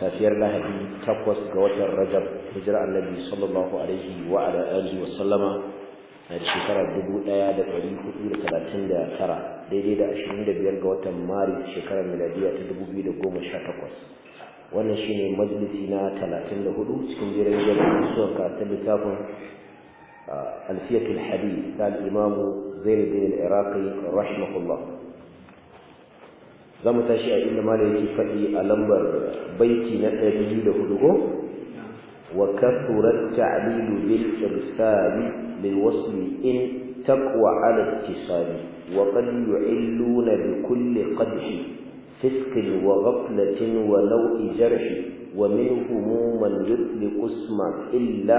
safiyar lahadi takwas ga watan rajab hijira annabi sallallahu alaihi wa ala alihi wa sallama na shekarar dubu ɗaya da ɗari hudu da talatin da tara daidai da ashirin da biyar ga watan maris shekarar miladiya ta dubu biyu da goma sha takwas wannan shine majalisi na talatin da hudu cikin jiran jirgin suwan karatun littafin alfiyatul hadi da al'imamu zainabin da iraqi rahimahullah za mu tashi a inda malam yake faɗi a lambar baiti na ɗari da hudu ko wa kathurat ta'lilu bil irsali lil wasli in taqwa ala ittisali wa qad yu'illuna bi kulli qadhi fisqin wa ghaflatin wa law'i jarhi wa minhum man yutliqu isma illa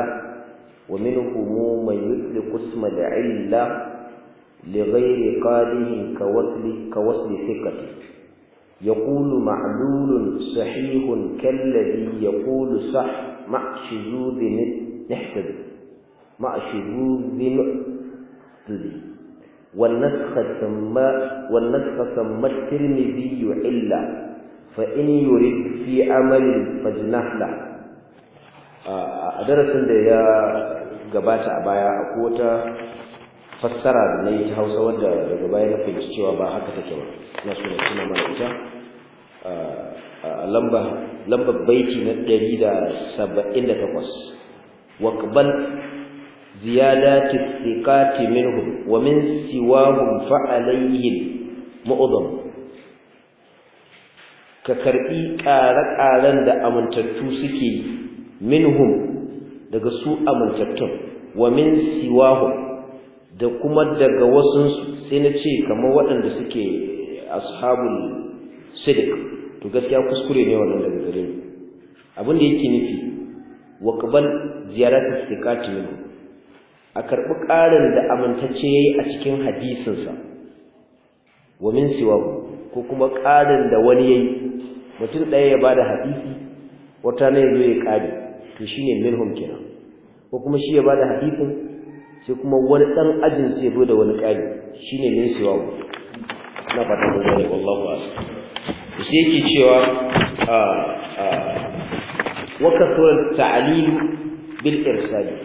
wa minhum man yutliqu isma illa لغير قاده كوصل كوصل ثقته يقول معلول صحيح كالذي يقول صح مع شذوذ نحتد مع شذوذ نحتد والنسخ سما والنسخ سما الترمذي إلا فإن يرد في عمل فاجنح له a darasin da ya gabata a baya a kota fassara da na yi ta hausa wadda daga baya na fahimci cewa ba haka take ba na so na tuna mana ita a lamba lamba baiti na 178 waqbal ziyadati thiqati minhum wa min siwahum fa alayhim mu'dham ka karbi ƙare-ƙaren da amintattu suke minhum daga su amintattun wa min siwahum da kuma daga wasu sai na ce kamar waɗanda suke ashabul sidik to gaskiya kuskure ne wannan daga gare ni abin da yake nufi wa qabal ziyarat istiqati min a karbi ƙarin da amintacce yayi a cikin hadisinsa wa min siwa ko kuma ƙarin da wani yayi mutum ɗaya ya bada hadisi wata ne zai ya kare to shine minhum kenan ko kuma shi ya bada hadisin sai kuma wani ɗan ajin sai zo da wani ƙari shine ne sai wawo na fata mun gane wallahu su sai yake cewa a a wa bil irsali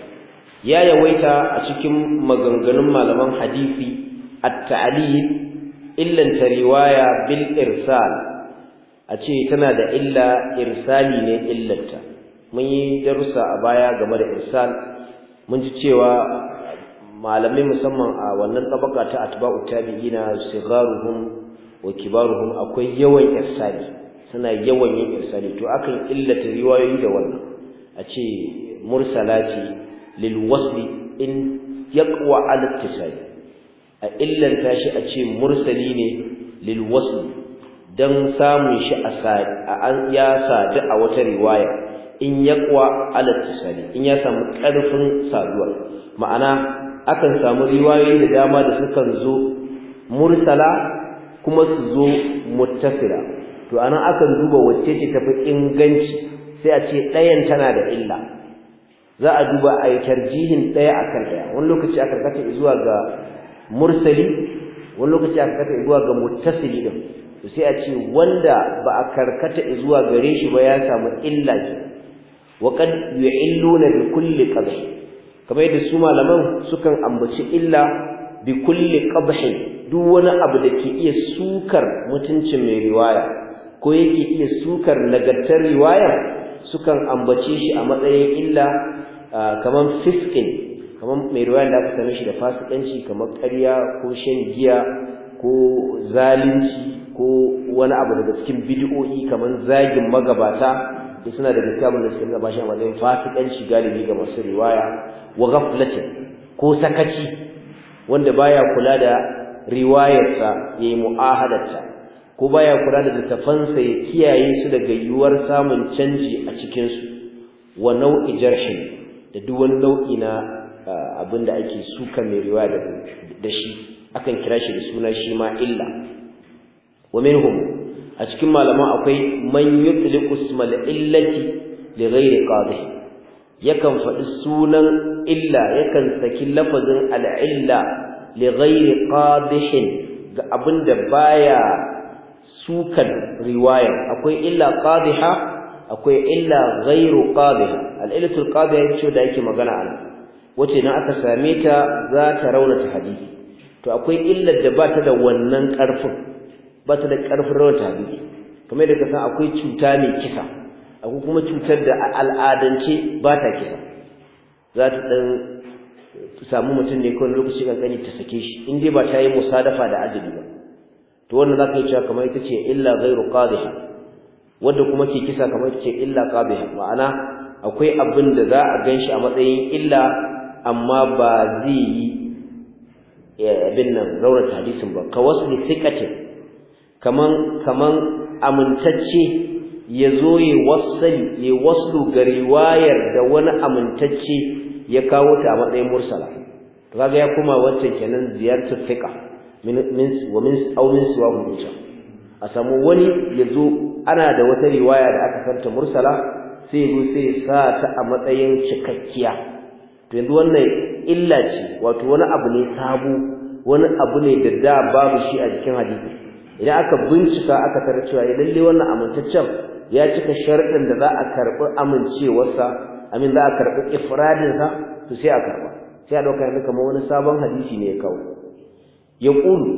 ya yawaita a cikin maganganun malaman hadisi at-ta'lil illanta riwaya bil irsal a ce tana da illa irsali ne illanta mun yi darussa a baya game da irsal mun ji cewa malamai musamman a wannan tabaka ta atba'u tabi'ina sigaruhum wa kibaruhum akwai yawan irsali suna yawan yin irsali to akan illata riwayoyi da wannan a ce mursalati lil wasli in yaqwa al ittisali a illanta shi a ce mursali ne lil wasli dan samun shi a an ya sadu a wata riwaya in yaqwa al ittisali in ya samu karfin saduwa ma'ana akan samu riwayoyi da dama da sukan zo mursala kuma su zo muttasila to anan akan duba wacce ce tafi inganci sai a ce ɗayan tana da illa za a duba a yi tarjihin ɗaya kan ɗaya wani lokaci aka kata zuwa ga mursali wani lokaci aka kata zuwa ga muttasili din to sai a ce wanda ba a karkata zuwa gare shi ba ya samu illa ke wa qad yu'illuna bi kulli qadr kamar yadda su malaman sukan ambaci illa bi kulli qabhin duk wani abu da ke iya sukar mutuncin mai riwaya ko yake iya sukar nagartar riwaya sukan ambace shi a matsayin illa kamar fiskin kamar mai riwaya da aka sanar shi da fasikanci kamar ƙarya ko shan giya ko zalunci ko wani abu daga cikin bid'o'i kamar zagin magabata da suna da littafin da suka shi a matsayin fasikanci galibi ga masu riwaya wa ghaflatin ko sakaci wanda baya kula da riwayarsa yayi mu'ahadarsa ko baya kula da tafansa ya kiyaye su daga yuwar samun canji a cikin su wa nau'i jarhi da duk wani nau'i na abinda ake suka mai riwaya da shi akan kira shi da suna shi ma illa wa minhum a cikin malaman akwai man yutliqu ismal illati li ghairi qadhi yakan faɗi sunan illa yakan saki lafazin al'illa li ghairi qadihin ga abinda baya sukan riwaya akwai illa qadiha akwai illa ghairu qadiha al'illatul qadiha yace da yake magana ana wace na aka same ta za ta raunata hadisi to akwai illar da ba ta da wannan ƙarfin, ba ta da karfin raunata hadisi kamar ka san akwai cuta mai kisa akwai kuma cutar da al'adance ba ta kisa za ta ɗan samu mutum ne kawai lokaci kankani ta sake shi in dai ba ta yi musadafa da ajali ba to wannan za ka yi cewa kamar ita ce illa ghairu qadiha wanda kuma ke kisa kamar ita ce illa qabiha ma'ana akwai abin da za a shi a matsayin illa amma ba zai yi eh, abin nan raurata hadisin ba ka wasu thiqatin kaman kaman amintacce ya zo ya wasali ya waslu ga da wani amintacce ya kawo ta a matsayin mursala to kaga ya kuma wacce kenan ziyartu fiqa wa min aw min a samu wani ya zo ana da wata riwaya da aka santa mursala sai zo sai sa ta a matsayin cikakkiya to yanzu wannan illa ce wato wani abu ne sabo wani abu ne da da babu shi a jikin hadisi idan aka bincika aka tarar cewa eh, lalle wannan amintaccen ya cika sharɗin da za a karɓi amincewarsa amin za a karɓi ifradinsa to sai a karɓa sai a ɗauka yanzu kamar wani sabon hadisi ne kawai. kawo ya ƙulu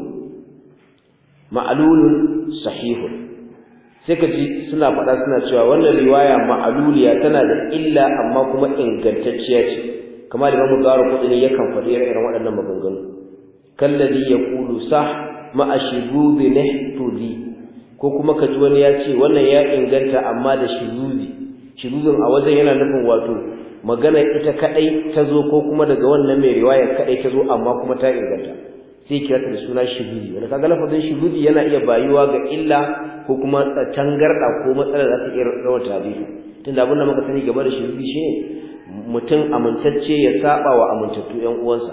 ma'alulun sahihun sai ka ji suna faɗa suna cewa wannan riwaya ma'aluliya tana da illa amma kuma ingantacciya ce kamar da mamu garo kudin yakan faɗi irin waɗannan maganganu kallabi ya kulu sa ma'ashigu bi ko kuma kaji wani ya ce wannan ya inganta amma da shiruzi shiruzin a wajen yana nufin wato magana ita kadai ta zo ko kuma daga wannan mai riwayar kadai ta zo amma kuma ta inganta sai kira ta da suna shiruzi wanda kaga lafazin shiruzi yana iya bayuwa ga illa ko kuma tangarda ko matsala za ta iya rawa tabihi tunda abin da muka sani game da shiruzi shine mutum amintacce ya saba wa amintattu ƴan uwansa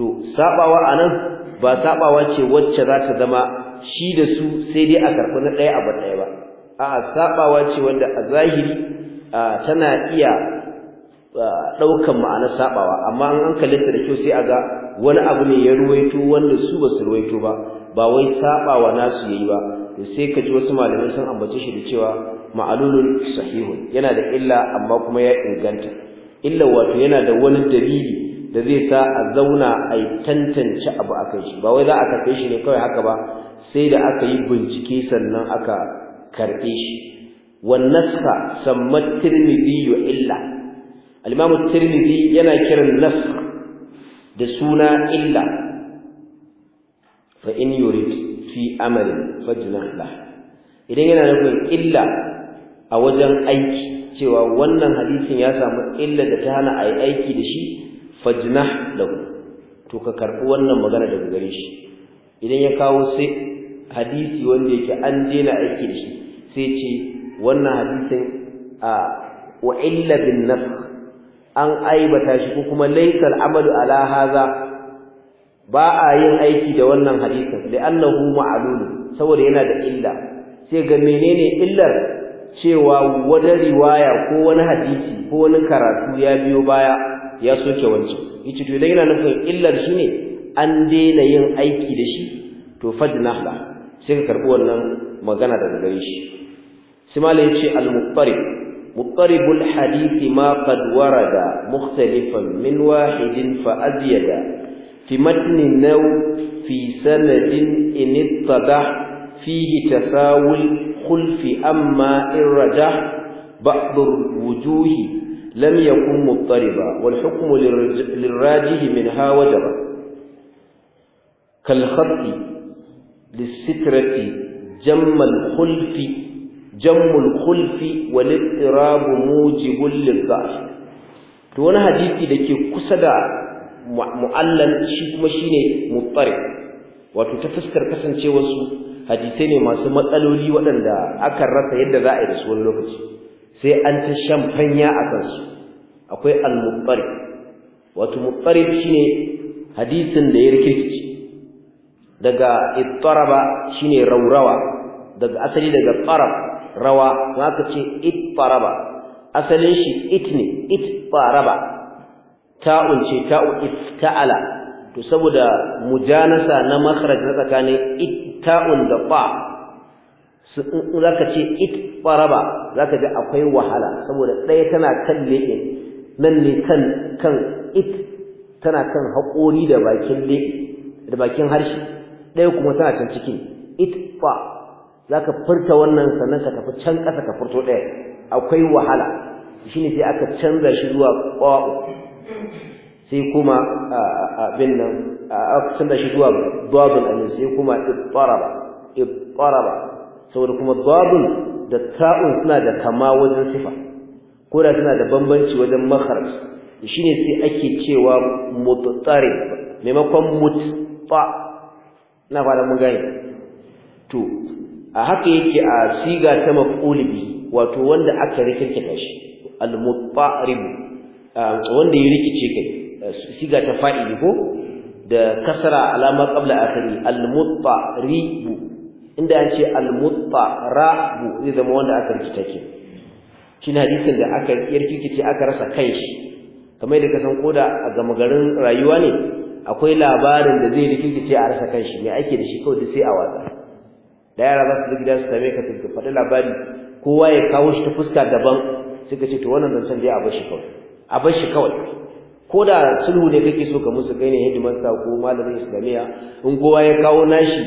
to sabawa anan ba sabawa ce wacce za ta zama shi da su sai dai a karɓi na ɗaya abu ɗaya ba a'a sabawa ce wanda a zahiri tana iya ɗaukan ma'ana sabawa amma an hankalinta da kyau sai a ga wani abu ne ya ruwaito wanda su ba su ruwaito ba ba wai sabawa nasu ya yi ba to sai ka ji wasu malamai sun ambace shi da cewa ma'alulun sahihun yana da illa amma kuma ya inganta illa wato yana da wani dalili da zai sa a zauna a tantance abu a kai shi ba wai za a karɓe shi ne kawai haka ba sai da aka yi bincike sannan aka karɓe shi wan nasakh sammat tirmidhi illa al-imam tirmidhi yana kiran nasakh da suna illa fa in yurid fi amal fajnah idan yana nufin illa a wajen aiki cewa wannan hadisin ya samu illa da ta hana a yi aiki da shi fajnah lahu to ka karɓi wannan magana daga gare shi idan ya kawo sai hadisi wanda yake an daina aiki shi sai ce wannan hadisin a wa illa bin nafs an aibata shi ko kuma laysal amalu ala lahaza ba a yin aiki da wannan hadisin li'annahu ma'lul saboda yana da illa sai ga menene illar cewa wani riwaya ko wani hadisi ko wani karatu ya biyo baya ya soke wancan yace to idan yana nufin illar shine an daina yin aiki da shi to fadnahla sai ka karɓi wannan magana daga gare shi shi ma lai al-mukpari mukpari bul hadithi ma qad warada mukhtalifan min wahidin fa azyada fi matni naw fi sanadin in ittada fihi tasawul khulfi amma in rajah ba'd wujuhi lam yakun muttariba wal hukmu lirrajihi min hawajara kal khatti lisitrati jammal khulfi jammul khulfi wal ittirab mujibul to wani hadisi dake kusa da mu'allan shi kuma shine muttari wato ta fuskar kasancewa su hadisai ne masu matsaloli waɗanda aka rasa yadda za a yi da su wani lokaci sai an ta fanya a kansu akwai al wato muttari shine hadisin da ya rikirkice daga ittaraba shine raurawa daga asali daga tarab rawa zaka ce ittaraba asalin shi it ne ittaraba ta'un ce ta'u ifta'ala to saboda mujanasa na makhraj na tsakanin itta'un da fa zaka ce ittaraba zaka ji akwai wahala saboda ɗaya tana kan ne nan ne kan kan it tana kan haƙori da bakin da bakin harshe ɗaya kuma tana can ciki itfa ka furta wannan sannan ka tafi can ƙasa ka furto ɗaya akwai wahala ne sai aka canza shi zuwa ƙwa'u? sai kuma abin nan aka canza shi zuwa babun amin sai kuma ittaraba ba? saboda kuma babun da ta'un suna da kama wajen sifa ko da suna da bambanci wajen makharaj ne sai ake cewa muttarib maimakon mutfa ina fara mun gane to a haka yake a siga ta maf'ul wato wanda aka rikice shi al-muttarib wanda ya rikice kai siga ta fa'ili ko da kasara alama qabla akhiri al-muttarib inda an ce al muttarab zai zama wanda aka rikita shi. shine hadisin da aka yarkikice aka rasa kai shi kamar da kasan koda a gama garin rayuwa ne akwai labarin da zai rikice a rasa kanshi me ake da shi kawai da sai a watsa da yara za su gida su same ka tuntu faɗi labari kowa ya kawo shi ta fuska daban suka ce to wannan san dai a bar shi kawai a bar shi kawai ko da sulhu ne kake so ka musu kai ne sa ko malamin islamiya in kowa ya kawo nashi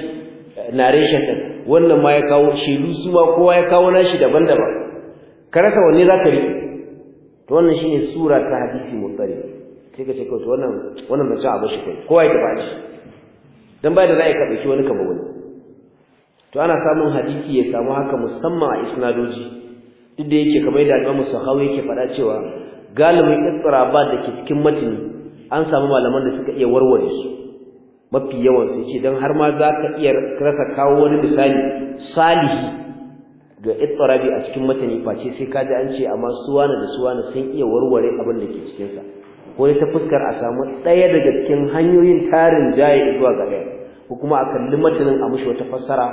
eh, narration din wannan ma ya kawo shi su ma kowa ya kawo nashi daban-daban ka rasa wanne za ka riƙe to wannan shine sura ta hadisi mutsari sai ka ce kawai wannan wannan mace a bashi kai kowa ya ba shi dan bai da za a ka dauki wani kama wani to ana samun hadisi ya samu haka musamman a isnadoji duk da yake kamar da su Sahawi yake faɗa cewa galibin ba da ke cikin matini an samu malaman da suka iya warware su mafi yawan sai ce dan har ma za ka iya rasa kawo wani misali salihi ga istirabi a cikin matani face sai ka ji an ce amma suwana da suwana sun iya warware abin da ke cikinsa. wani ta fuskar a samu ɗaya daga cikin hanyoyin tarin jaye zuwa ga ɗaya ko kuma a kalli matanin a mushi wata fassara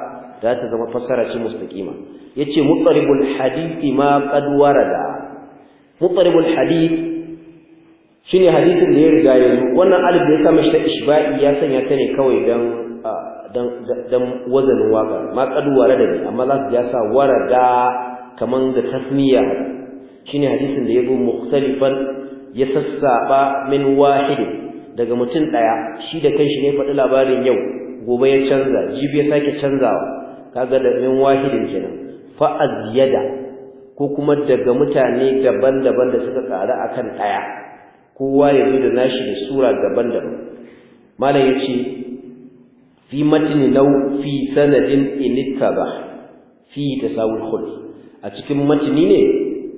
za ta zama fassara ce mustaqima yace mutaribul hadith ma qad warada mutaribul hadith ne hadithin da ya riga ya zo wannan alif da ya sa mashi ta ishba'i ya sanya ta ne kawai don dan dan wazanin waka ma qad warada ne amma za su ya sa warada kaman da tasniya shine hadisin da ya zo mukhtalifan ya sassaba min wahid daga mutum daya shi da kanshi ne faɗi labarin yau gobe ya canza jibi ya sake canzawa kaga da min wahidin kenan fa azyada ko kuma daga mutane daban-daban da suka ƙara akan daya kowa ya zo da nashi da sura daban-daban malam yace fi matni law fi sanadin inittaba fi tasawul khulf a cikin matni ne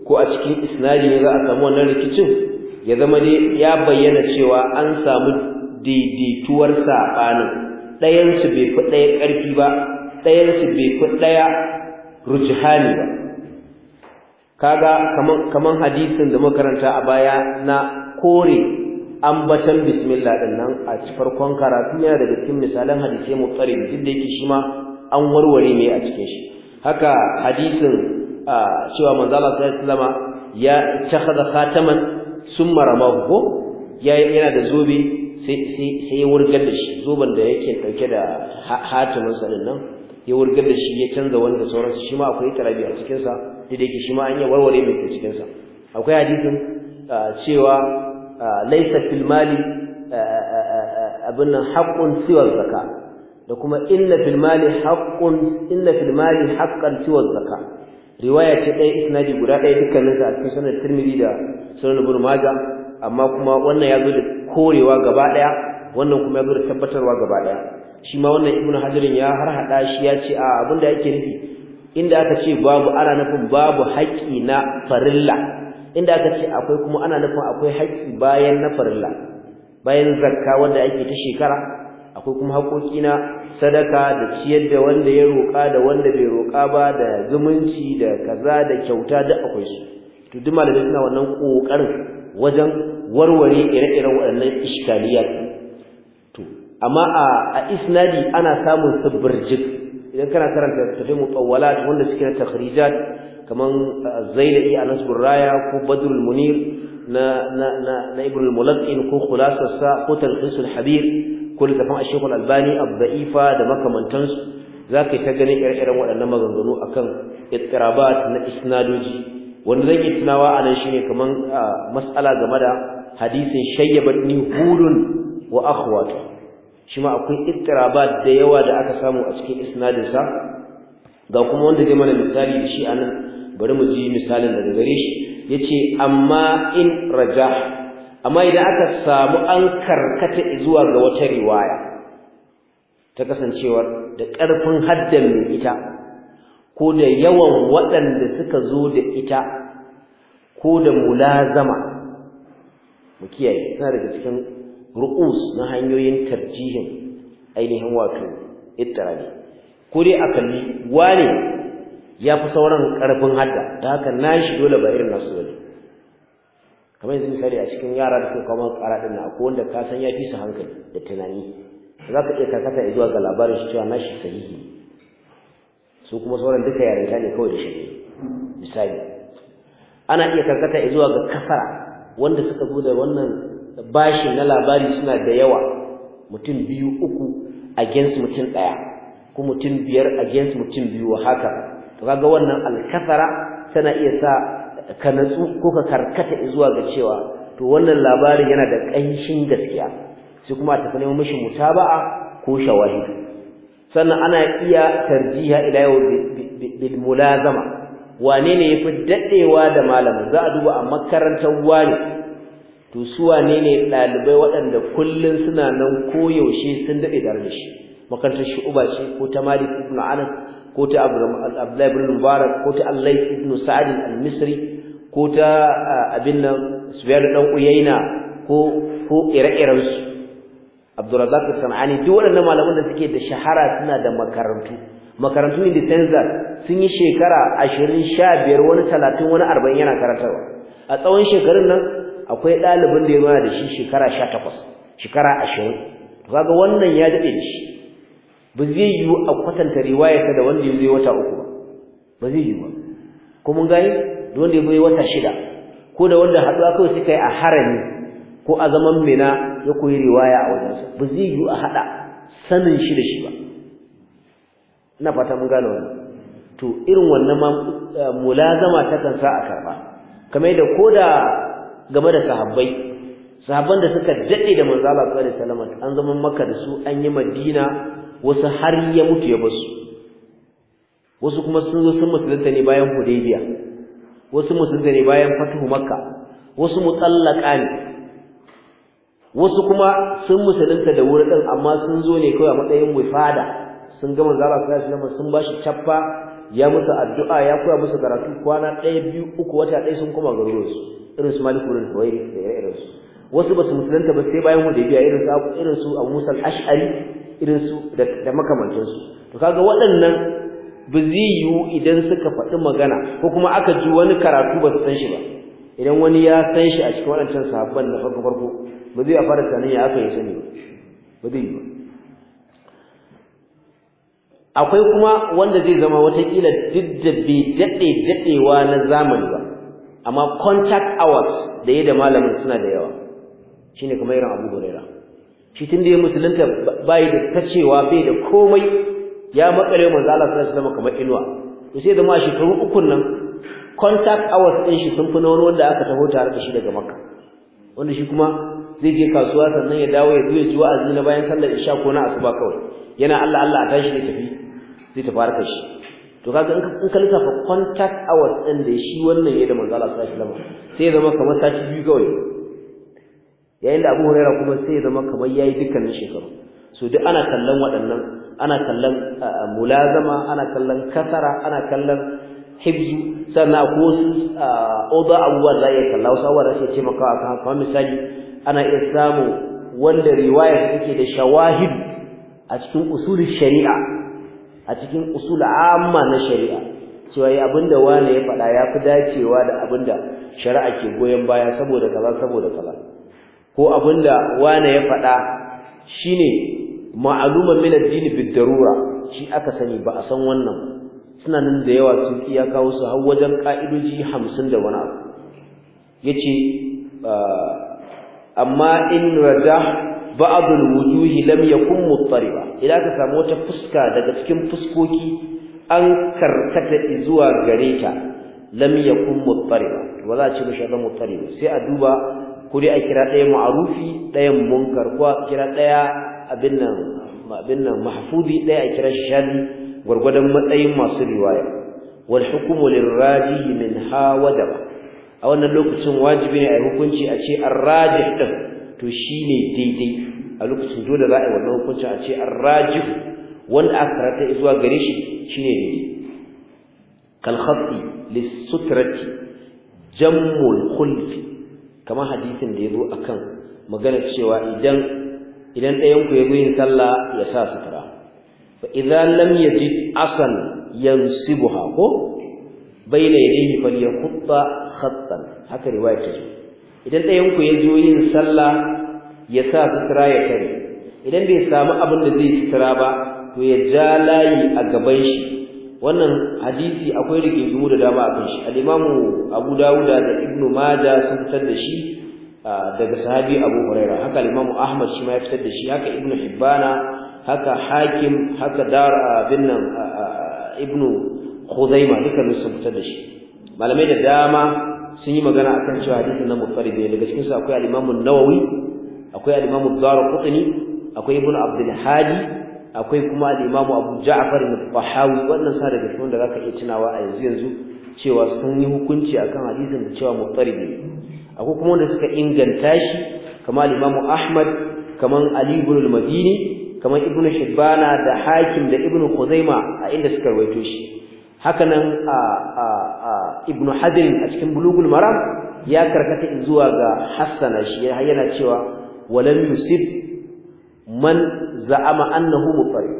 ko a cikin isnadi ne za a samu wannan rikicin ya zama dai ya bayyana cewa an samu daidaituwar saɓanin ɗayansu bai fi ɗaya ƙarfi ba ɗayansu bai fi ɗaya rujihani ba kaga kaman hadisin da makaranta a baya na kore ambatan bismillah ɗin nan a farkon karatu yana daga cikin misalan hadisai mutsarin duk da yake shi ma an warware mai a cikin shi haka hadisin ah, cewa manzala sallallahu alaihi wasallama ya takhadha khataman sun marama ko yana da zobe sai ya wurgar da shi zoben da yake dauke da hatimin sanin nan ya wurgar da shi ya canza wanda sauransu shi ma akwai tarabi a cikinsa da da yake shi ma an yi warware mai cikinsa akwai hadisin cewa laisa fil mali abin nan haqqun siwa zakka da kuma inna fil mali haqqun inna fil riwaya ce ɗaya isnadi guda ɗaya dukkaninsa a cikin sunan tirmidhi da sunan ibn majah amma kuma wannan ya zo da korewa gaba ɗaya wannan kuma ya zo da tabbatarwa gaba ɗaya shi ma wannan ibn hajarin ya harhaɗa shi ya ce a abin da yake nufi inda aka ce babu ana nufin babu haƙƙi na farilla inda aka ce akwai kuma ana nufin akwai haƙƙi bayan na farilla bayan zakka wanda ake ta shekara ko kuma haƙoƙi na sadaka da ciyar da wanda ya roƙa da wanda bai roƙa ba da zumunci da kaza da kyauta duk akwai su to duk malamai suna wannan ƙoƙarin wajen warware ire-iren waɗannan iskaliyat to amma a a isnadi ana samun subburjik idan kana karanta tafsir mutawwalat wanda suke na takhrijat kaman zailai a nasbur raya ko badrul munir na na na al ko khulasar sa ko talhisul habir ko littafin a albani abda'ifa da makamantansu za ka yi ta ganin ire-iren waɗannan maganganu a kan ittirabat na isnadoji wanda zan yi tunawa a nan shi ne kamar matsala game da hadisin shayyabar ni hudun wa akhwatu shi ma akwai ittirabat da yawa da aka samu a cikin isnadinsa ga kuma wanda zai mana misali da shi anan bari mu ji misalin daga gare shi yace amma in rajah amma idan aka samu an karkata zuwa ga wata riwaya ta kasancewar da ƙarfin haddan mai ita ko da yawan waɗanda suka zo da ita ko da mulazama mu kiyaye suna daga cikin ru'us na hanyoyin tarjihin ainihin wato ittirabi ko dai a kalli wane ya fi sauran ƙarfin hadda da haka na shi dole ba irin nasu wani kamar yanzu misali a cikin yara da ke kawo kara din nan akwai wanda ka san ya fi su hankali da tunani za ka iya karkata zuwa ga labarin shi cewa nashi sahihi su kuma sauran duka yarinta ne kawai da shi misali ana iya karkata zuwa ga kafara wanda suka zo da wannan bashi na labari suna da yawa mutum biyu uku against mutum ɗaya ko mutum biyar against mutum biyu haka to kaga wannan alkasara tana iya sa ka natsu ko ka karkata zuwa ga cewa to wannan labarin yana da ƙanshin gaskiya sai kuma a tafi neman mishi mutaba'a ko shawahidu sannan ana iya tarjiha ila yau bil mulazama wane ne yafi daɗewa da malamin za a duba a makarantar wani to su wane ne dalibai waɗanda kullum suna nan koyaushe sun daɗe da shi makarantar shu'uba ce ko ta malik ibn anas ko ta abdullahi ibn mubarak ko ta allai ibn sa'id al-misri ko ta abin nan su sufiyar da ɗan uyaina ko ko ire-irensu abdurrazak sanani duk waɗannan malaman da suke da shahara suna da makarantu makarantu ne da sun yi shekara ashirin sha biyar wani talatin wani arba'in yana karantarwa a tsawon shekarun nan akwai ɗalibin da ya mana da shi shekara sha takwas shekara ashirin to kaga wannan ya daɗe da shi ba zai yiwu a kwatanta riwayarsa da wanda ya zai wata uku ba ba zai yiwu ba ko mun gani da wanda bai wata shida ko da wanda haɗuwa kawai suka yi a harami ko a zaman mina ya koyi riwaya a wajensa ba zai yiwu a haɗa sanin shi da shi ba ina fata mun gane wani to irin wannan ma eh, mulazama ta kan sa a karɓa kamar da da game da sahabbai sahabban da suka daɗe da manzo Allah sallallahu alaihi wasallam an zama maka da su an yi Madina wasu har ya mutu ya basu wasu kuma sun zo sun musulunta ne bayan Hudaybiya wasu musulunta ne bayan fatuhu makka wasu mutsallaka ne wasu kuma sun musulunta da wuri ɗin amma sun zo ne kawai a matsayin wifada sun gama sallallahu alaihi wasallam sun bashi chaffa cappa ya musu addu'a ya koya musu karatu kwana ɗaya biyu uku wata ɗaya sun koma su irin su maliku da kawai da su, wasu ba su musulunta ba sai bayan hudaybiya irin su irin su abu musa ashari irin su da makamantansu to kaga waɗannan ba zai yiwu idan suka faɗi magana ko kuma aka ji wani karatu ba su san shi ba idan wani ya san shi a cikin waɗancan sahabban na farko farko ba zai a fara tunanin ya aka yi sani ba ba zai yi akwai kuma wanda zai zama watakila duk da bai daɗe daɗewa na zamani ba amma contact hours da ya da malamin suna da yawa shine kamar irin abu huraira shi tun da ya musulunta bai da ta bai da komai ya makare manzo Allah sallallahu alaihi wasallam kamar inuwa to sai zama shekaru ukun nan contact hours din shi sun fi na wani wanda aka taho tare da shi daga Makka wanda shi kuma zai je kasuwa sannan ya dawo ya zuwa ji wa'azi na bayan sallar isha ko na asuba kawai yana Allah Allah a tashi ne tafi zai tafi fara shi to kaga in ka lissafa contact hours din da shi wannan ya da manzo Allah sallallahu alaihi wasallam sai ya zama kamar sati biyu kawai yayin da Abu Hurairah kuma sai ya zama kamar yayi dukkanin shekaru so duk ana kallon waɗannan ana kallon mulazama ana kallon kasara ana kallon hibzu sannan ko oda abubuwa za iya kalla wasu abubuwa za taimaka a misali ana iya samu wanda riwaya take da shawahid a cikin usul shari'a a cikin usul amma na shari'a cewa yi eh, abinda wane ya faɗa ya fi dacewa da abinda shari'a ke goyon baya saboda kaza saboda kaza ko abinda wane ya faɗa shine Ma'aluma min addini bid darura shi aka sani ba a san wannan suna nan da yawa sun iya kawo su har wajen ka'idoji 50 da wani abu yace ah, amma in raja ba'd al-wujuhi lam yakun muttariba idan ka samu wata fuska daga cikin fuskoki an karkata zuwa gare ta lam yakun muttariba wala ce mishi muttariba sai a duba kuri a kira ɗaya ma'arufi ɗayan munkar ko a kira ɗaya abin nan abin nan mahfuzi daya a kira shan gwargwadon matsayin masu riwaya wal hukmu lirraji min ha wajaba a wannan lokacin wajibi ne a hukunci a ce ar-rajih din to shine daidai a lokacin dole za a yi wannan hukunci a ce ar-rajih wanda aka karanta zuwa gare shi shine daidai kal khatti lis-sutrati jammul khulfi kamar hadisin da yazo akan magana cewa idan idan ɗayan ku ya goyi sallah ya sa sutura fa idza lam yajid asan yansibuha ko baina yadayhi falyakutta khattan haka riwaya ta idan ɗayan ku ya zo yin sallah ya sa sutura ya kare idan bai samu abin da zai sutura ba to ya ja layi a gaban shi wannan hadisi akwai rigingimu da dama a kan shi al-imamu Abu Dawud da Ibnu Majah sun fitar da shi daga sahabi Abu Huraira haka limamu Ahmad shi ma ya fitar da shi haka ibnu Hibbana haka Hakim haka Dar a binnan ibnu Khuzaima ne sun fitar da shi malamai da dama sun yi magana akan cewa hadisin nan mufarid ne daga cikin su akwai al imamu nawawi akwai al imamu akwai ibnu Abdul Hadi akwai kuma al imamu Abu Ja'far ibn tahawi wannan sa daga cikin da zaka iya tunawa a yanzu yanzu cewa sun yi hukunci akan hadisin da cewa mufarid ne akwai kuma wanda suka inganta shi kamar imamu Ahmad kamar Ali ibn al-Madini kamar Ibn Shibana da Hakim da Ibn Khuzaima a inda suka rawaito shi hakanan a a a Ibn Hajar a cikin Bulughul Maram ya karkata zuwa ga Hassana shi yana cewa walam yusib man za'ama annahu mutarrib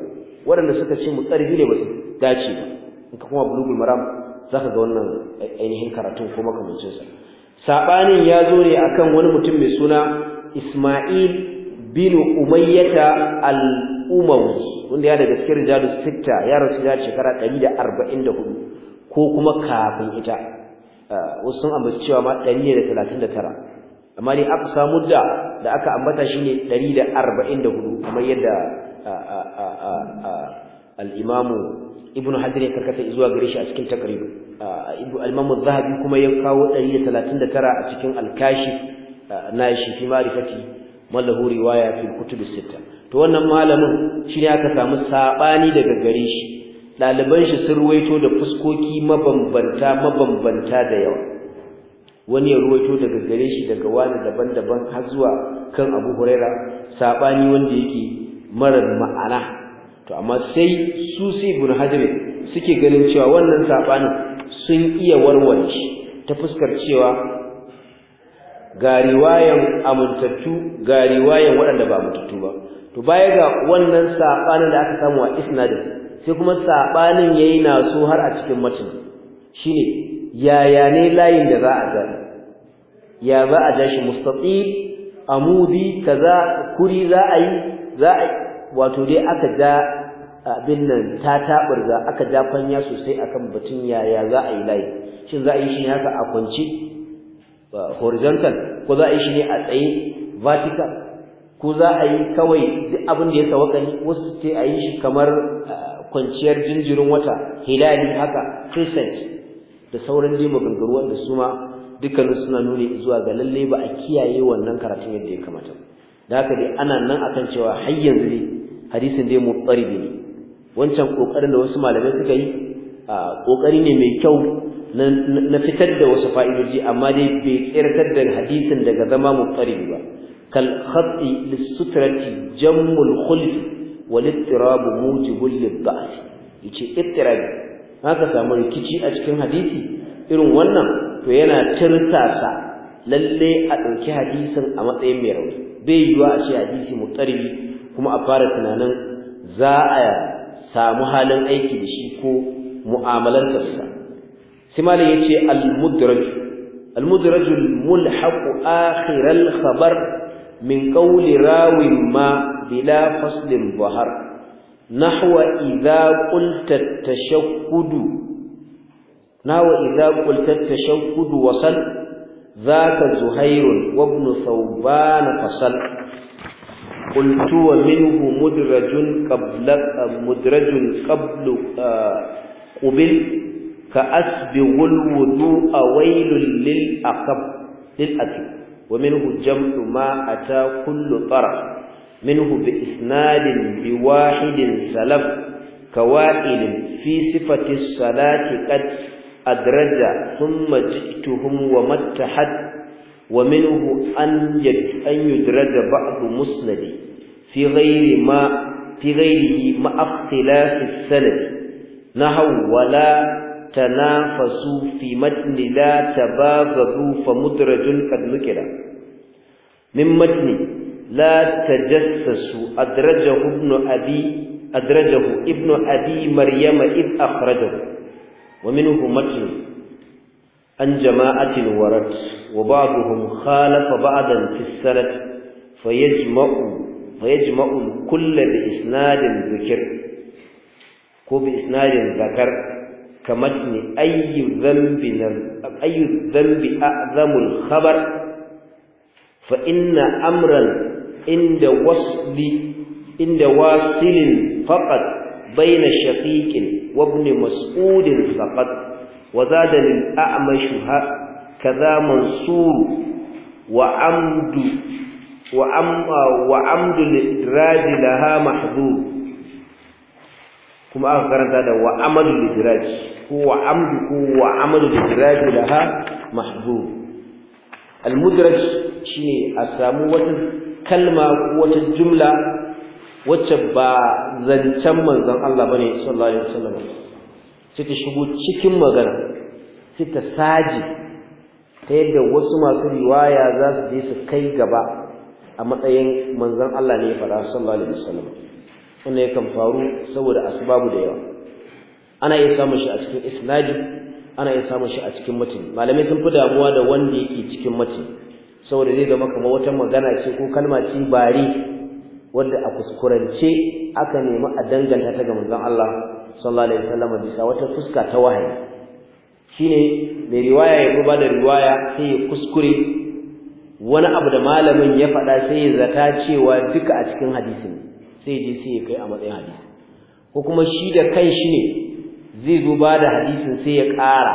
Wadanda suka ce mutarribi ne ba su dace ba in ka kuma Bulughul Maram zaka ga wannan ainihin karatun ko makamancin sa sabanin ya zo ne akan wani mutum mai suna Isma'il bin Umayyata al-Umawi wanda ya daga cikin rijalus sitta ya rasu da shekara 144 ko kuma kafin ita uh, wasu sun ambaci cewa ma 139 amma ne aqsa mudda da aka ambata shine 144 kamar yadda uh, uh, al-Imam Ibn Hajar ya karkata zuwa gare shi a cikin takribu al zahabi kuma ya kawo 139 a cikin al-Kashif na shi fi ma'rifati mallahu riwaya fi kutub sita to wannan malamin shi ne aka samu sabani daga gare shi ɗaliban shi sun ruwaito da fuskoki mabambanta mabambanta da yawa wani ya ruwaito daga gare shi daga wani daban-daban har zuwa kan Abu Huraira sabani wanda yake marar ma'ana to amma sai su sai Ibn Hajar suke ganin cewa wannan saɓanin sun iya warware ta fuskar cewa ga riwayan amintattu ga riwayan waɗanda ba amintattu ba to baya ga wannan saɓanin da aka samu a isnadin sai kuma ya yi naso har a cikin Shi shine yaya ne layin da za a gani ya za a jashi mustatil amudi kaza kuri za a yi za a wato dai aka ja abin nan ta taburga aka jafanya sosai akan batun yaya za a yi layi shin za a yi shi ne haka a kwance horizontal ko za a yi shi ne a tsaye vertical ko za a yi kawai duk abin da ya sawaka ne wasu sai a yi shi kamar kwanciyar jinjirin wata hilali haka crescent da sauran dai maganganu wanda su ma dukkanin suna nuni zuwa ga lalle ba a kiyaye wannan karatun yadda ya kamata da haka dai ana nan akan cewa har yanzu ne hadisin dai mutsaribi ne wancan kokarin da wasu malamai suka yi kokari ne mai kyau na fitar da wasu fa'idoji amma dai bai kirkar da hadisin daga zama mutarib ba kal khatti lisutrati jammul khulf wal ittirab mujibul lidhaf yace ittirab haka samu rikici a cikin hadisi irin wannan to yana tirtasa lalle a dauki hadisin a matsayin mai rauni bai yiwa a ce hadisi mutaribi kuma a fara tunanin za a samu halin aiki da shi ko mu'amalantarsa sai malam yace al-mudraj al-mudraj al-mulhaq akhir al-khabar min qawli rawin ma bila faslin zahar nahwa idza qulta at-tashahhud nahwa idza qulta at-tashahhud wasal ذاك زهير وابن ثوبان fasal قلت ومنه مدرج قبل مدرج قبل قبل كأسبغ الوضوء ويل للأقب للأكب ومنه جمع ما أتى كل طرف منه بإسناد بواحد سلف كوائل في صفة الصلاة قد أدرج ثم جئتهم ومتحد wa minhu an an yudrada ba'd musnad fi ghayri ma fi ghayrihi ma ikhtilaf as-sanad nahaw wa la tanafasu fi matn la tabaghadu fa mudrajun qad min matn la tajassasu adrajahu ibn abi adrajahu ibn abi maryama id akhrajahu wa minhu matn an jama'atin warat wa ba'duhum khalafa ba'dan fi salat fayajma'u fayajma'u kull bi isnadin dhikr ko bi isnadin zakar kamatni ayyu dhanbin ayyu dhanbi a'zamul khabar fa inna amran inda wasli inda wasilin faqat bayna shaqiqin wa ibn mas'udin faqat وزاد للأعمش كذا منصور وعمد وعم وعمد الإدراج لها محذور كما أخبرت هذا وعمد الإدراج هو عمد هو عمد الإدراج لها محذور المدرج شيء أسامو وتكلمة وتجملة wacce ba zancen manzon Allah bane sallallahu alaihi wasallam sai ta shigo cikin magana sai ta saji ta yadda wasu masu riwaya za su je su kai gaba a matsayin manzon Allah ne ya faɗa sallallahu alaihi wasallam wannan yakan faru saboda babu da yawa ana iya samun shi a cikin isnadi ana iya samun shi a cikin mutum malamai sun fi damuwa da wanda yake cikin mutum saboda zai zama kamar wata magana ce ko kalma ce bari wanda a kuskurance aka nemi a danganta ta ga manzon Allah sallallahu alaihi wasallam bisa wata fuska ta wahayi shine mai riwaya ya ba da riwaya sai ya kuskure wani abu da malamin ya faɗa sai ya zata cewa duka a cikin hadisin sai ya je sai ya kai a matsayin hadisi ko kuma shi da kai shi ne zai zo ba da hadisin sai ya ƙara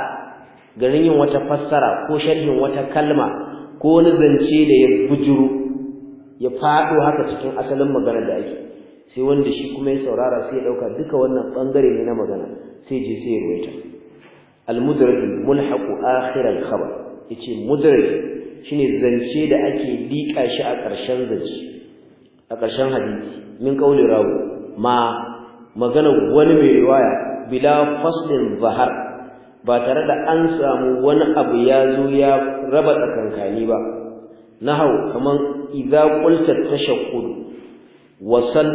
garin yin wata fassara ko sharhin wata kalma ko wani zance da ya bujuru ya faɗo haka cikin asalin magana da ake sai wanda shi kuma ya saurara sai ya ɗauka duka wannan ɓangare ne na magana sai je sai ya ruwaita al-mudraj mulhaqu akhir al-khabar yace mudraj shine zance da ake diƙa shi a ƙarshen zance a ƙarshen hadisi min kauli rawi ma magana wani mai riwaya bila faslin zahar ba tare da an samu wani abu ya zo ya raba tsakankani ba nahau kaman idza qulta tashakkud wasal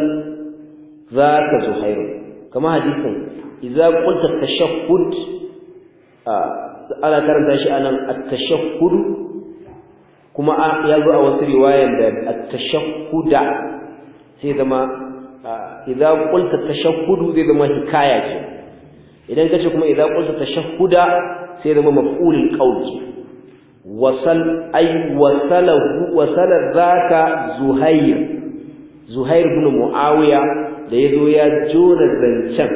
zaka zuhairu kama hadisin idza qulta tashakkud ana karanta shi anan at-tashakkud kuma ya zo a wasu riwayan da at-tashakkuda sai zama idza qulta tashakkudu zai zama hikaya ce idan kace kuma idza qulta tashakkuda sai zama maf'ulul qawl wasal ay wasalahu wasala zaka zuhair zuhair ibn muawiya da yazo ya jona zancan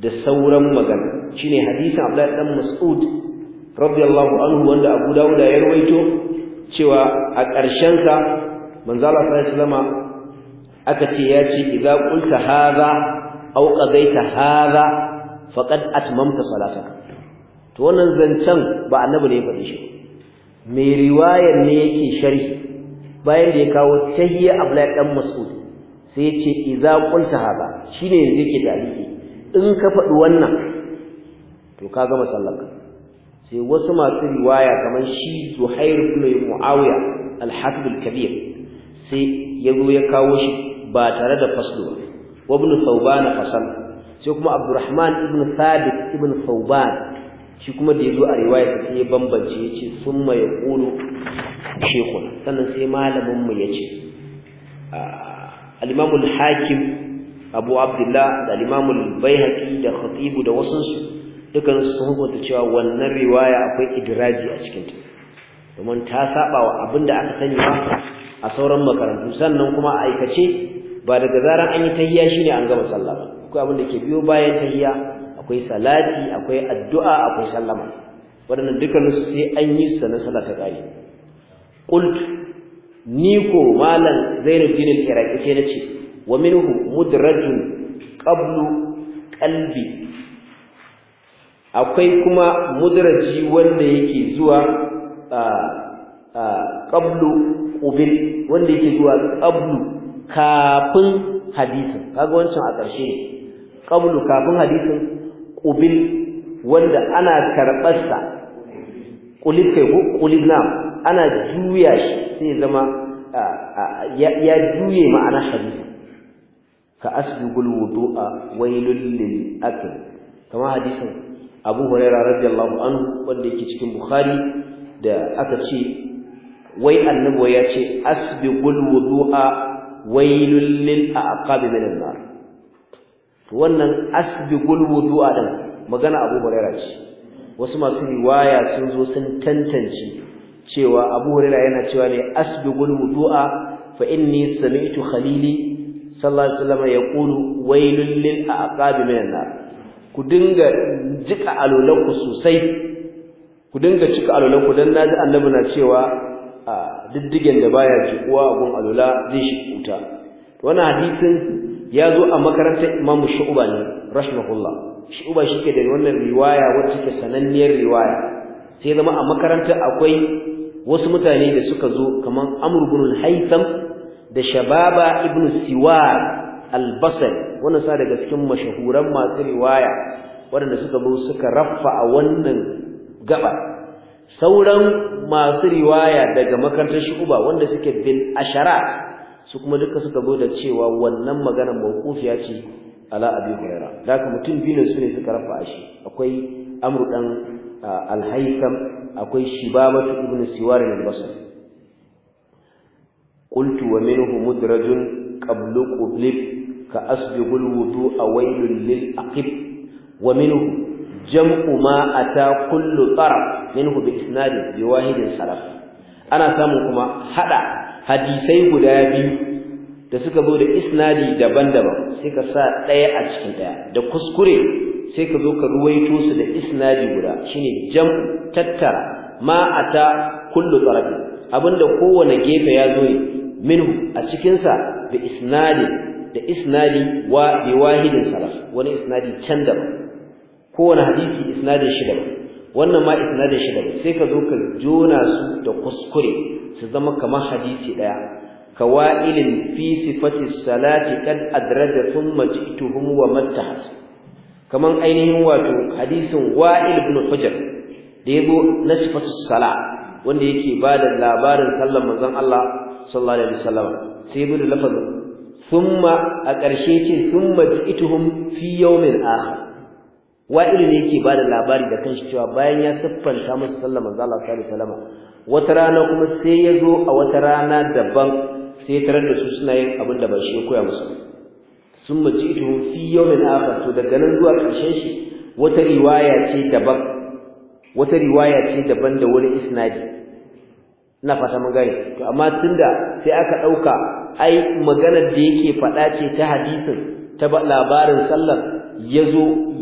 da sauran magana shine hadisin abdullahi dan mas'ud radiyallahu anhu wanda abu dawud ya rawaito cewa a ƙarshen sa manzo Allah sallallahu alaihi wasallama aka ce ya ce idza qulta hadha aw qadaita hadha faqad atmamta salataka to wannan zancen ba annabi ne ya faɗi shi mai riwayar ne yake sharhi bayan da ya kawo tahiyya Abdullahi dan Mas'ud sai ya ce idza qulta hada shine yanzu yake dalili in ka faɗi wannan to ka gama sallar sai wasu masu riwaya kamar shi Zuhair ibn Muawiya al-Hafiz al-Kabir sai ya zo ya kawo shi ba tare da faslo wa ibn Thawban fasal sai kuma Abdurrahman ibn Thabit ibn Thawban shi kuma da zo a riwaya sai ya bambance yace ya yaqulu shaykhun sannan sai malamin mu ya ce. Ah, hakim abu abdullah da alimamul imam da khatibu da wasu dukkan su sun hukunta cewa wannan riwaya akwai idiraji a cikin ta domin ta saba wa abinda aka sani ba a sauran makarantu sannan kuma a aikace ba daga zaran an yi shi shine an gama sallah ba akwai abin da ke biyo bayan tahiya akwai salati akwai addu'a akwai sallama wadannan dukkan su sai an yi su na salata kare qult ni ko malam Zainuddin al-Iraqi ce nace wa minhu mudrajun qablu qalbi akwai kuma mudraji wanda yake zuwa qablu qubil wanda yake zuwa qablu kafin hadisin kaga wancan a ƙarshe qablu kafin hadisin ƙubil wanda ana karɓarsa ƙulib kai ko na ana juya shi sai zama ya juye ma'ana hadisi ka asbigul wudu'a wailul lil akl kama hadisin Abu Hurairah radiyallahu anhu wanda yake cikin Bukhari da aka ce wai annabuwa ya ce asbigul wudu'a wailul lil aqab min an-nar to wannan asbiqul wudu'a din magana Abu Hurairah ce wasu masu riwaya sun zo sun tantance cewa Abu Hurairah yana cewa ne asbiqul wudu'a fa inni sami'tu khalili sallallahu alaihi wasallam yaqulu wailul lil aqabi minan nar ku dinga jika ku sosai ku dinga cika ku dan naji annabi na cewa diddigen da baya jikuwa gun alola zai shi kuta wannan hadisin ya zo a makarantar Imam shu'uba ne rahimahullah shi ke da wannan riwaya wacce ke sananniyar riwaya sai zama a makarantar akwai wasu mutane da suka zo kamar Amr ibn da Shababa ibn Siwar al-Basri wannan sa daga cikin mashahuran masu riwaya waɗanda suka zo suka raffa a wannan gaba sauran masu riwaya daga makarantar shu'uba wanda suke bin ashara su kuma duka suka zo da cewa wannan magana mawqufiya ce ala abi huraira daga mutum biyu su ne suka rafa shi akwai amru dan alhaykam akwai shibaba ibn siwar ibn basr qultu wa minhu mudrajun qablu qublib ka asbihul wudu awailun lil aqib wa minhu jam'u ma ata kullu taraf minhu bi isnad bi wahid salaf ana samu kuma hada hadisai guda biyu da suka zo da isnadi daban-daban sai ka sa ɗaya a cikin ɗaya da kuskure sai ka zo ka ruwaito su da isnadi guda shine jam tattara ma ta kullu tsarafi abinda kowane gefe ya zo min a cikinsa, da isnadi da isnadi wa bi wahidin salaf wani isnadi can da kowane hadisi isnadin shi daban wannan ma isnadin shi daban sai ka zo ka jona su da kuskure su zama kamar hadisi daya kawailin fi sifati salati kad adrada thumma jituhum wa mattahat kaman ainihin wato hadisin wa'il ibn hujr da yabo na sifati salat wanda yake bada labarin sallar manzon Allah sallallahu alaihi wasallam sai bi da lafazin thumma a karshe ce thumma jituhum fi yawmin akhar wa'il ne yake bada labari da kanshi cewa bayan ya siffanta musu sallar manzon Allah sallallahu alaihi wasallam wata rana kuma sai ya zo a wata rana daban sai tarar da su suna yin abin da ba shi ya koya musu sun maji ito fi yawmin akhar to daga nan zuwa ƙarshen shi wata riwaya ce daban wata riwaya ce daban da wani isnadi ina fata mun to amma tunda sai aka ɗauka ai maganar da yake faɗa ce ta hadisin ta labarin sallar ya zo,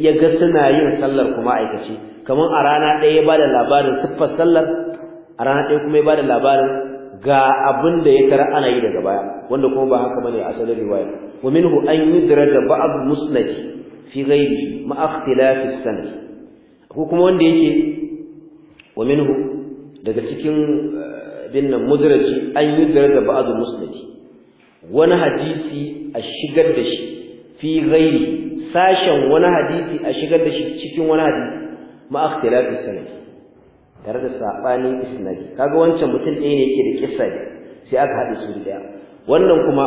ya ga suna yin sallar kuma aikace kamar a rana ɗaya ya da labarin siffar sallar a rana ɗaya kuma ya ba da labarin ga abin da ya tara ana yi daga baya wanda kuma ba haka bane asalin riwaya wa minhu an da ba'd musnad fi ghairi ma ikhtilaf sanad ko kuma wanda yake wa minhu daga cikin eh, binnan mudraji an da ba'd musnad wani hadisi a shigar da shi fi ghairi sashen wani hadisi a shigar da shi cikin wani hadisi ma ikhtilaf sanad tare da sabani isnadi kaga wancan mutum ɗaya ne yake da kissa ne sai aka haɗa su ɗaya. wannan kuma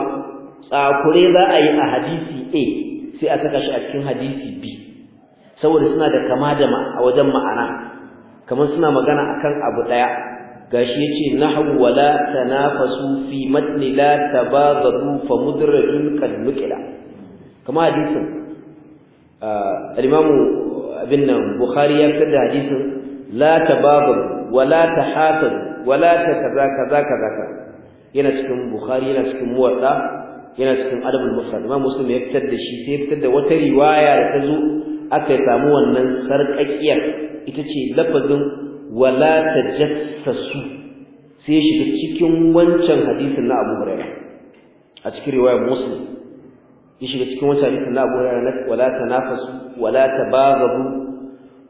tsakure za a yi a hadisi A sai a saka shi a cikin hadisi B saboda suna da kama da ma a wajen ma'ana kamar suna magana akan abu ɗaya. gashi yace nahwu wala tanafasu fi matni la tabadadu fa mudrajun kad nukila kama hadisin ah, al-imamu abin bukhari ya fitar da hadisin la tababur wala tahasad wala ta kaza kaza kaza yana cikin bukhari yana cikin muwatta yana cikin adabul mufrad imam muslim ya fitar da shi sai ya fitar da wata riwaya da ta zo aka samu wannan sarƙaƙiyar ita ce lafazin wala tajassasu sai ya shiga cikin wancan hadisin na Abu Hurairah a cikin riwayar muslim ya shiga cikin wancan hadisin na Abu Hurairah wala tanafasu wala tabaghabu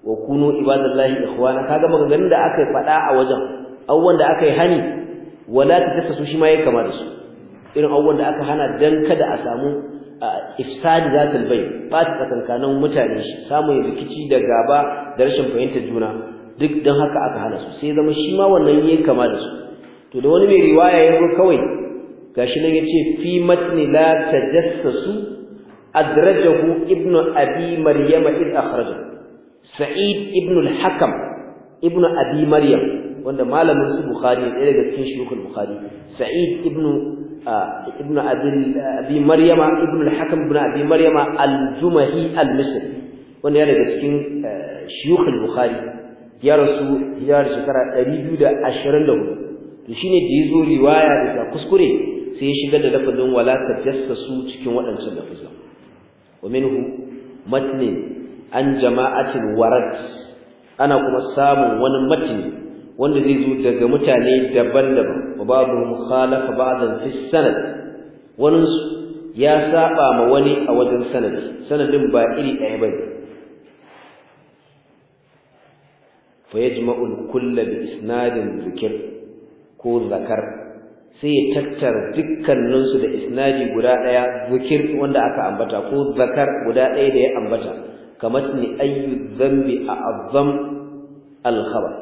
wa kunu ibadallahi ikhwana kaga maganganun da aka faɗa a wajen abubuwan da aka yi hani wala tajassasu shi ma yake kama da su irin abubuwan da aka hana dan kada a samu ifsadi zatul bai ba ta tsakanin mutane samun rikici da gaba da rashin fahimtar juna duk dan haka aka hana su sai zama shi ma wannan yake kama da su to da wani mai riwaya ya kawai gashi nan yace fi matni la tajassasu adrajahu ibnu abi maryama id akhrajahu Sa'id ibn al-Hakam ibn Abi Maryam wanda malamin su Bukhari ne daga cikin shuyukul Bukhari Sa'id ibn ah, ibn Abi Maryam ibn al-Hakam ibn Abi Maryam al-Jumahi al-Misri wanda yana daga cikin eh, shuyukul Bukhari ya rasu ya shekara 224 to shine da yazo riwaya da kuskure sai ya shigar da lafazin wala tajassasu cikin waɗancan lafazan wa minhu an jama'atul warad ana kuma samun wani matin wanda zai zo daga mutane daban-daban wa babu mukhalafa ba'dan fi sanad wani ya saba ma wani a wajen sanadi sanadin ba iri ɗaya bane fa yajma'u kullu kulla bi isnadin dhikr ko zakar sai ya tattara dukkaninsu da isnadi guda ɗaya zikir wanda aka ambata ko zakar guda ɗaya da ya ambata kamar ne ayyu a a'azzam al-khabar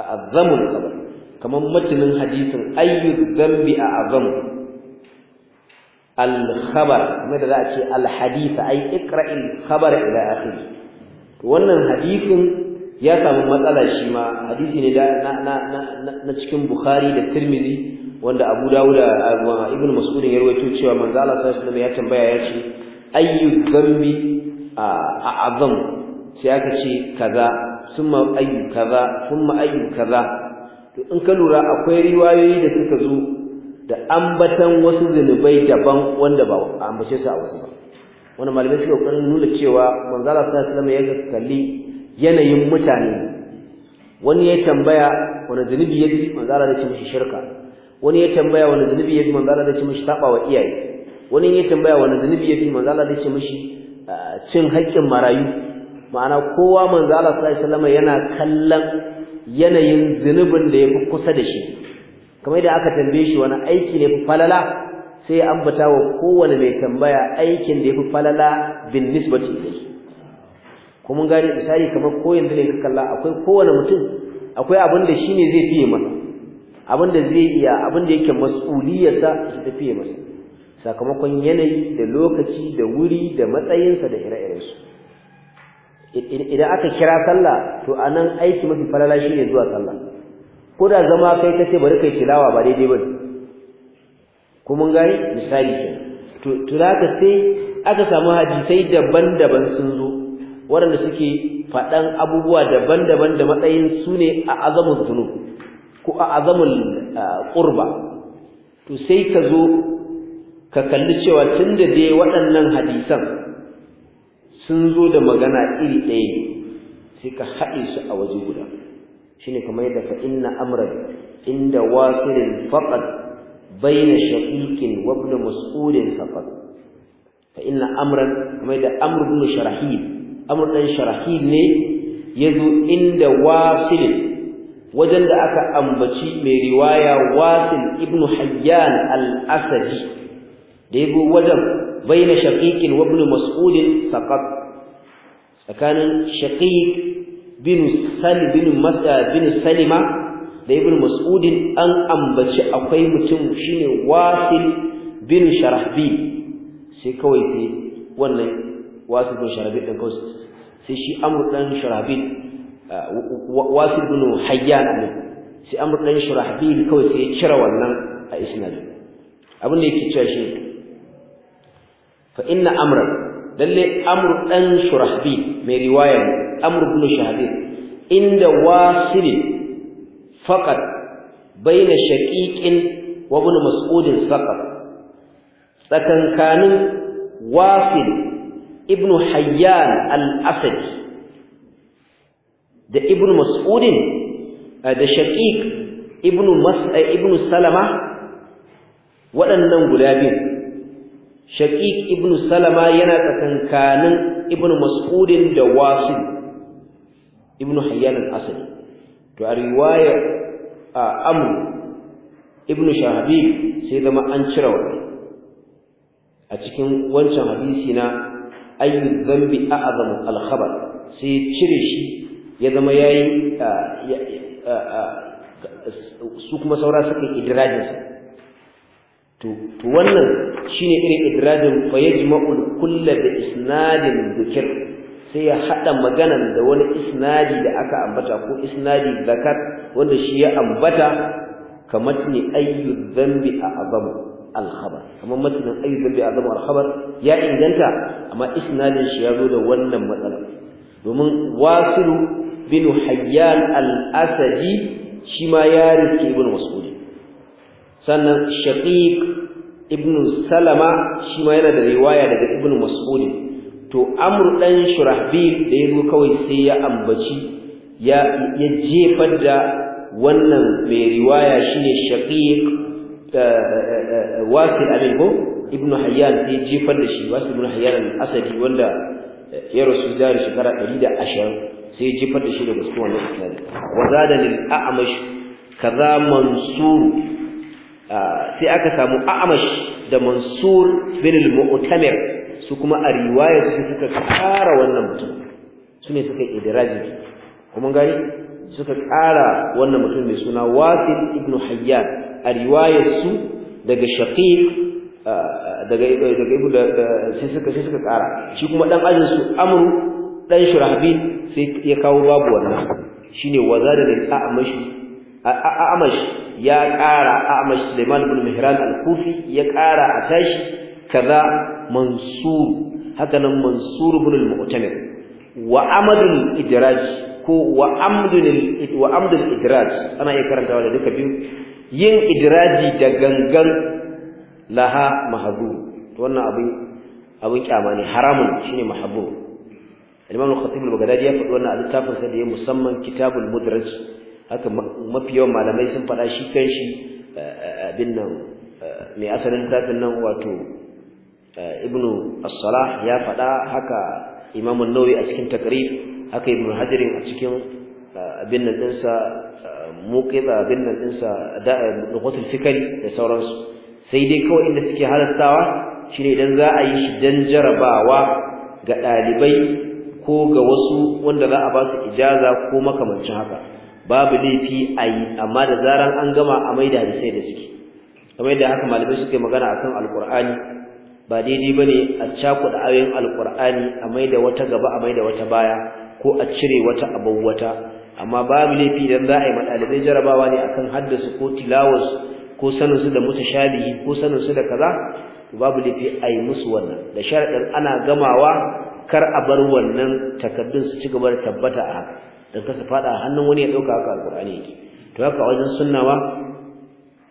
a'azzam al-khabar kamar matanin hadisin ayyu dhanbi a'azzam al-khabar kuma da za a ce al-hadith ay iqra'il khabar ila akhiri wannan hadisin ya samu matsala shi ma hadisi ne na cikin bukhari da tirmidhi wanda abu dawud da ibn mas'ud ya rawaito cewa manzo Allah sallallahu alaihi wasallam ya tambaya ya ce ayyuz dhanbi a azam sai aka ce kaza summa ayyu kaza summa ayyu kaza to in ka lura akwai riwayoyi da suka zo da ambatan wasu zunubai daban wanda ba ambace su a wasu ba wannan malamai suka kokarin nuna cewa manzo Allah sallallahu alaihi wasallam ya kalli yanayin mutane wani ya tambaya wani zunubi ya bi manzo Allah ya ce mishi shirka wani ya tambaya wani zunubi ya bi manzo Allah ya ce mishi taba wa iyaye wani ya tambaya wani zunubi ya bi manzo Allah ya ce mishi cin haƙƙin marayu ma'ana kowa manzo Allah sallallahu alaihi yana kallon yanayin zunubin da yake kusa da shi kamar da aka tambaye shi wani aiki ne fi falala sai ya ambata wa kowanne mai tambaya aikin da yake falala bin nisbati dai Kuma mun gane kamar ko yanzu ne ka kalla akwai kowane mutum akwai abin da shine zai fiye masa abin da zai iya abin da yake mas'uliyarsa shi ta fiye masa sakamakon yanayi da lokaci da wuri da matsayinsa da ire-irensu idan aka kira sallah to a nan aiki mafi falala ne zuwa sallah ko da zama kai kace bari kai tilawa ba daidai ba ko mun gani misali to to ka sai aka samu hadisai daban-daban sun zo waɗanda suke faɗan abubuwa daban-daban da matsayin su ne a azamul zunub ko a azamul ah, qurba to sai ka zo ka kalli cewa tun da dai waɗannan hadisan sun zo da magana iri ɗaya ne sai ka haɗe su a waje guda shine kamar yadda fa inna amran inda wasilin faqad bayna shaqiqin wa ibn mas'udin faqad fa inna amran kamar yadda amr ibn sharahil amr dan sharahil ne ya zo inda wasilin wajen da aka ambaci mai riwaya Wasin ibn hayyan al-asadi da wajen bai na shaqiqin wa ibn mas'ud saqat tsakanin shaqiq bin sal bin mas'a eh, bin salima da ibn mas'ud an ambaci akwai mutum shine wasil bin sharahbi sai kawai sai wannan wasil bin sharahbi din kawai sai shi amru dan sharahbi eh, wasil bin hayyan sai amru dan sharahbi kawai sai ya cire wannan a isnadin abin da yake cewa shi fa inna amran lalle amr dan shurahbi mai riwaya amr ibn shahbi inda wasil faqat baina shaqiqin wa ibn mas'ud saqat tsakankanin wasil ibn hayyan al-asadi da ibn Mas'udin eh, da shaqiq ibn mas'a eh, ibn salama waɗannan guda biyu shaqiq ibn salama yana tsakankanin ibn mas'udin da wasil ibn hayyan al-asadi to a riwaya a amr ibn shahabi sai zama an cira wa a cikin wancan hadisi na ayyu dhanbi a'zamu al-khabar sai cire shi ya zama yayi su kuma saura suka sa to wannan shine irin idradin fa yajma'ul kulla bi isnadin dhikr sai ya hada maganan da wani isnadi da aka ambata ko isnadi zakat wanda shi ya ambata kamar ni ayyu dhanbi a'zamu al khabar kamar ayyu dhanbi a'zamu al khabar ya inganta amma isnadin shi ya zo da wannan matsala domin wasilu bin hayyan al asadi shi ma ya riske ibn mas'ud sannan shaqiq ibn salama shi ma yana da riwaya daga ibn mas'ud to amr dan shurahbil da yazo kawai sai ya ambaci ya ya jefar da wannan mai riwaya shine shaqiq eh, eh, eh, wasil abin ko ibn hayyan sai ya jefar da shi wasil ibn hayyan al-asadi wanda ya rasu da shekara 120 sai ya jefar da shi daga cikin wannan isnadi wa zada lil a'mash kaza mansur sai aka samu A'mash da Mansur bin al-Mu'tamir su kuma a riwaya su suka kara wannan mutum su ne suka idraji kuma gani suka kara wannan mutum mai suna Wasil ibn Hayyan a riwaya su daga Shaqiq daga daga da sai suka sai suka kara shi kuma dan ajin su Amru dan shurahbi sai ya kawo babu wannan shine wazada da A'mash a'amash ya ƙara a'amash Suleiman ibn Mihran al-Kufi ya ƙara a tashi kaza Mansur haka nan Mansur ibn al-Mu'tamir wa amadul idraj ko wa amdun wa amdun idraj ana iya karantawa da duka biyu yin idraji da gangan laha to wannan abin abin kyama ne haramun shine mahabu Imam al-Khatib al-Baghdadi ya faɗi wannan a littafin sa da ya musamman Kitabul Mudraj haka mafi yawan malamai sun faɗa shi kan shi eh, eh, abin nan eh, mai asalin tafin nan wato ibnu as-salah ya faɗa haka imam an a cikin takrib haka ibnu hajar a cikin abin nan dinsa muqila abin nan dinsa da nuqatul fikri da sauransu sai dai kawai inda suke halattawa shine idan za a yi shi dan jarabawa ga ɗalibai ko ga wasu wanda za a ba su ijaza ko makamancin haka babu laifi a yi amma da zaran an gama a maida hadisai da suke kamar yadda haka malamai suke magana akan alqur'ani ba daidai bane a da ayoyin alqur'ani a maida wata gaba a maida wata baya ko a cire wata abau wata amma babu laifi dan za a yi madalibai jarabawa ne akan haddasa ko tilawas ko sanin su da mutashabihi ko sanin su da kaza babu laifi a yi musu wannan da sharadin ana gamawa kar a bar wannan takaddun su ci gaba da tabbata a haka da faɗa fada hannun wani ya dauka haka alqur'ani yake to haka wajen sunnawa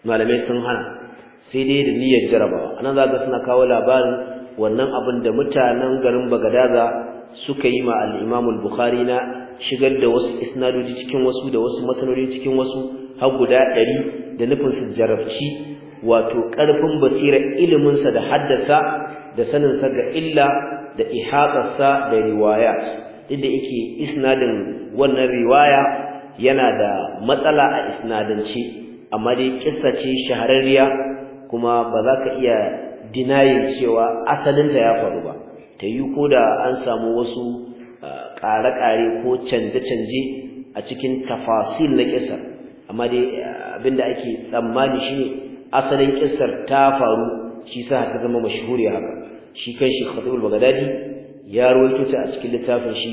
malamai sun hana sai dai da niyyar jarabawa anan ka suna kawo labarin wannan abin da mutanen garin Bagadaza suka yi ma al-Imam al-Bukhari na shigar da wasu isnadoji cikin wasu da wasu matanori cikin wasu har guda 100 da nufin su jarabci wato karfin basira ilimin sa da haddasa da sanin sa ga illa da ihatarsa da riwaya duk yake isnadin wannan riwaya yana da matsala a isnadance amma dai kissa ce shahararriya kuma ba za ka iya dinayin cewa asalinta ya faru ba ta yi ko da an samu wasu ah, ƙare-ƙare ko canje-canje a cikin tafasil na kissa amma dai ah, abinda ake tsammani ne asalin kissar ta faru shi sa ta zama mashhuriya haka shi kanshi Khatibul bagadadi ya rawaito ta a cikin littafin shi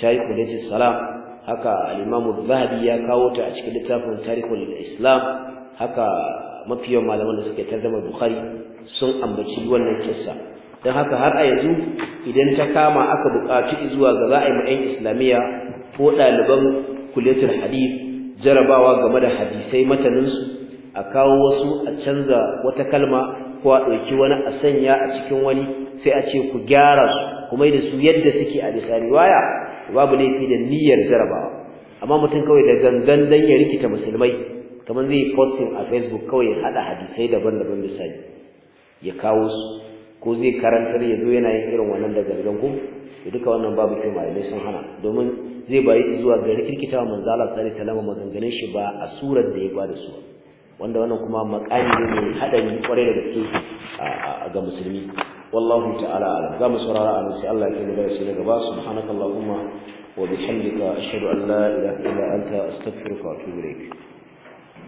ta yi Tarikhul Salam haka al-Imam zahabi ya kawo ta a cikin littafin Tarikhul Islam haka mafi malaman da suke tarjuma Bukhari sun ambaci wannan kissa dan haka har a yanzu idan ta kama aka buƙaci zuwa ga a yi islamiyya ko ɗaliban kuletar hadith jarabawa game da hadisai matanin su a kawo wasu a canza wata kalma ko a ɗauki wani a sanya a cikin wani sai a ce ku gyara su kuma da su yadda suke a bisa riwaya babu laifi da niyyar jarabawa amma mutum kawai da gangan dan ya rikita musulmai kamar zai posting a facebook kawai ya hada hadisai daban-daban misali ya kawo su ko zai karantar ya zo yana yin irin wannan da gangan ku. to duka wannan babu kai mai sun hana domin zai bari zuwa ga wa manzo Allah sallallahu alaihi wasallam maganganun shi ba a surar da ya ba da su wanda wannan kuma makami ne mai hadari kwarai da gaske ga musulmi والله تعالى أعلم قام سرارة أن سي الله كي نبي لك سبحانك اللهم وبحمدك أشهد أن لا إله إلا أنت أستغفرك وأتوب إليك